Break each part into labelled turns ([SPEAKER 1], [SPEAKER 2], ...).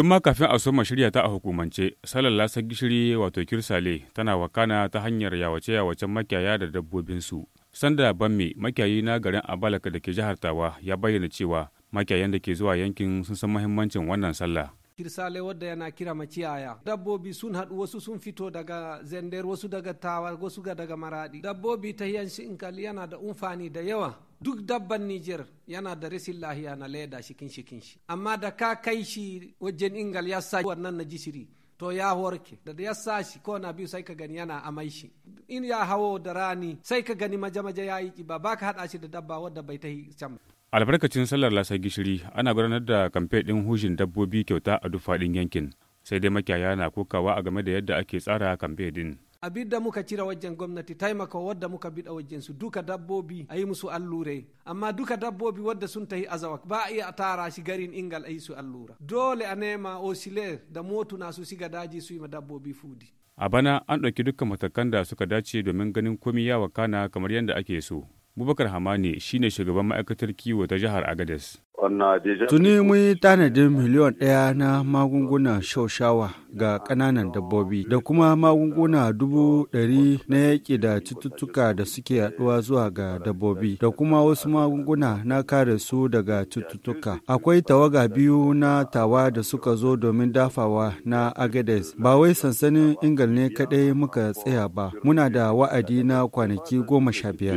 [SPEAKER 1] Tun ma kafin a soma shirya ta a hukumance, salar lasar gishiri wato kirsale tana wakana ta hanyar yawace-yawacen makiyaya da dabbobinsu. Sanda Bamme makiyayi na garin Abalaka da ke jihar Tawa ya bayyana cewa makiyayan da ke zuwa yankin sun san mahimmancin wannan sallah.
[SPEAKER 2] kirsale wadda yana kira maciyaya dabbobi sun haɗu wasu sun fito daga zender wasu daga tawa wasu daga maradi dabbobi ta yanshi inkali yana da umfani da yawa duk dabban Nijar yana da rashin lahiya na leda shikin shikin shi amma da ka kai shi wajen ingal ya sa wannan na jishiri to ya warke da ya sa shi ko na biyu sai ka gani yana amai shi in ya hawo da rani sai ka gani maje maje ya yi kiba ba ka hada shi da dabba wadda bai ta yi can
[SPEAKER 1] albarkacin sallar lasa gishiri ana gudanar da kamfe din hushin dabbobi kyauta a duk faɗin yankin sai dai makiyaya na kokawa a game da yadda ake tsara kamfe din
[SPEAKER 2] abinda muka cira wajen gwamnati taimaka wadda muka da wajen su duka dabbobi a yi musu allure amma duka dabbobi wadda sun tahi azawak ba a iya tara shi garin ingal a yi su allura dole a nema osile da na su shiga daji su yi ma dabbobi fudi
[SPEAKER 1] a bana an ɗauki dukkan matakan da suka dace domin ganin komi ya wakana kamar yadda ake so bubakar hamani shine shugaban ma'aikatar kiwo ta jihar agadez Tuni mun
[SPEAKER 3] yi tanadin miliyon ɗaya na magunguna shaushawa ga ƙananan dabbobi da kuma magunguna dubu ɗari na yaƙi da cututtuka da suke yaɗuwa zuwa ga dabbobi da kuma wasu magunguna na kare su daga cututtuka. Akwai tawaga biyu na tawa da suka zo domin dafawa na Agades. Ba wai sansanin Ingal ne kaɗai muka tsaya ba. Muna da wa'adi na kwanaki goma sha biyar.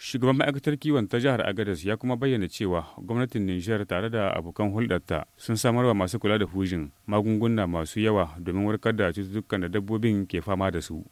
[SPEAKER 1] Shugaban ma'aikatar kiwon ta jihar Agadez ya kuma bayyana cewa gwamnatin Nijar tare da abokan hulɗarta sun samar wa masu kula da hujin magunguna masu yawa domin warkar da cututtukan da dabbobin ke fama da su.